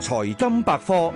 財金百科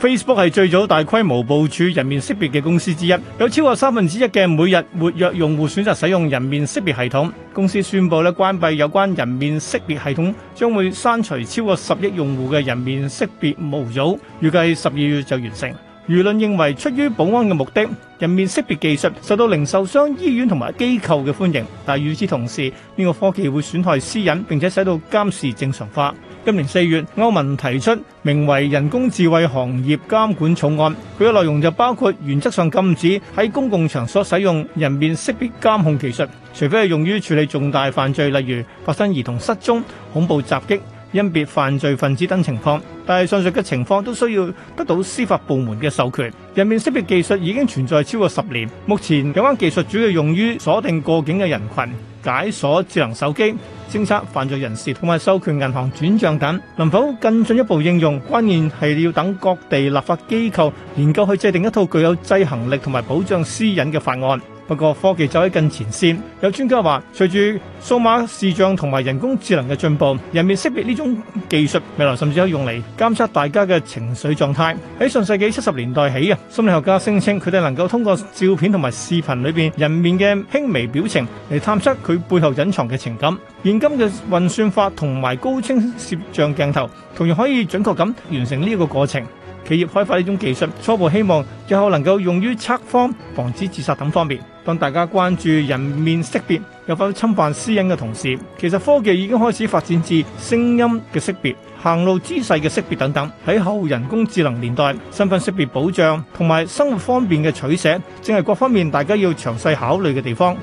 ，Facebook 係最早大規模部署人面識別嘅公司之一，有超過三分之一嘅每日活躍用戶選擇使用人面識別系統。公司宣布咧關閉有關人面識別系統，將會刪除超過十億用戶嘅人面識別模組，預計十二月就完成。輿論認為，出於保安嘅目的，人面識別技術受到零售商、醫院同埋機構嘅歡迎。但與此同時，呢個科技會損害私隱，並且使到監視正常化。今年四月，歐盟提出名為《人工智慧行業監管草案》，佢嘅內容就包括原則上禁止喺公共場所使用人面識別監控技術，除非係用於處理重大犯罪，例如發生兒童失蹤、恐怖襲擊、甄別犯罪分子等情況，但係上述嘅情況都需要得到司法部門嘅授權。人面識別技術已經存在超過十年，目前有關技術主要用於鎖定過境嘅人群、解鎖智能手機、偵測犯罪人士，同埋授權銀行轉賬等。能否更進一步應用，關鍵係要等各地立法機構研究去制定一套具有制衡力同埋保障私隱嘅法案。不過科技走喺更前線，有專家話，隨住數碼視像同埋人工智能嘅進步，人面識別呢種技術未來甚至可以用嚟監測大家嘅情緒狀態。喺上世紀七十年代起啊，心理學家聲稱佢哋能夠通過照片同埋視頻裏邊人面嘅輕微表情嚟探測佢背後隱藏嘅情感。現今嘅運算法同埋高清攝像鏡頭同樣可以準確咁完成呢個過程。企業開發呢種技術，初步希望日後能夠用於測謊防止自殺等方面。當大家關注人面識別有否侵犯私隱嘅同時，其實科技已經開始發展至聲音嘅識別、行路姿勢嘅識別等等。喺後人工智能年代，身份識別保障同埋生活方便嘅取捨，正係各方面大家要詳細考慮嘅地方。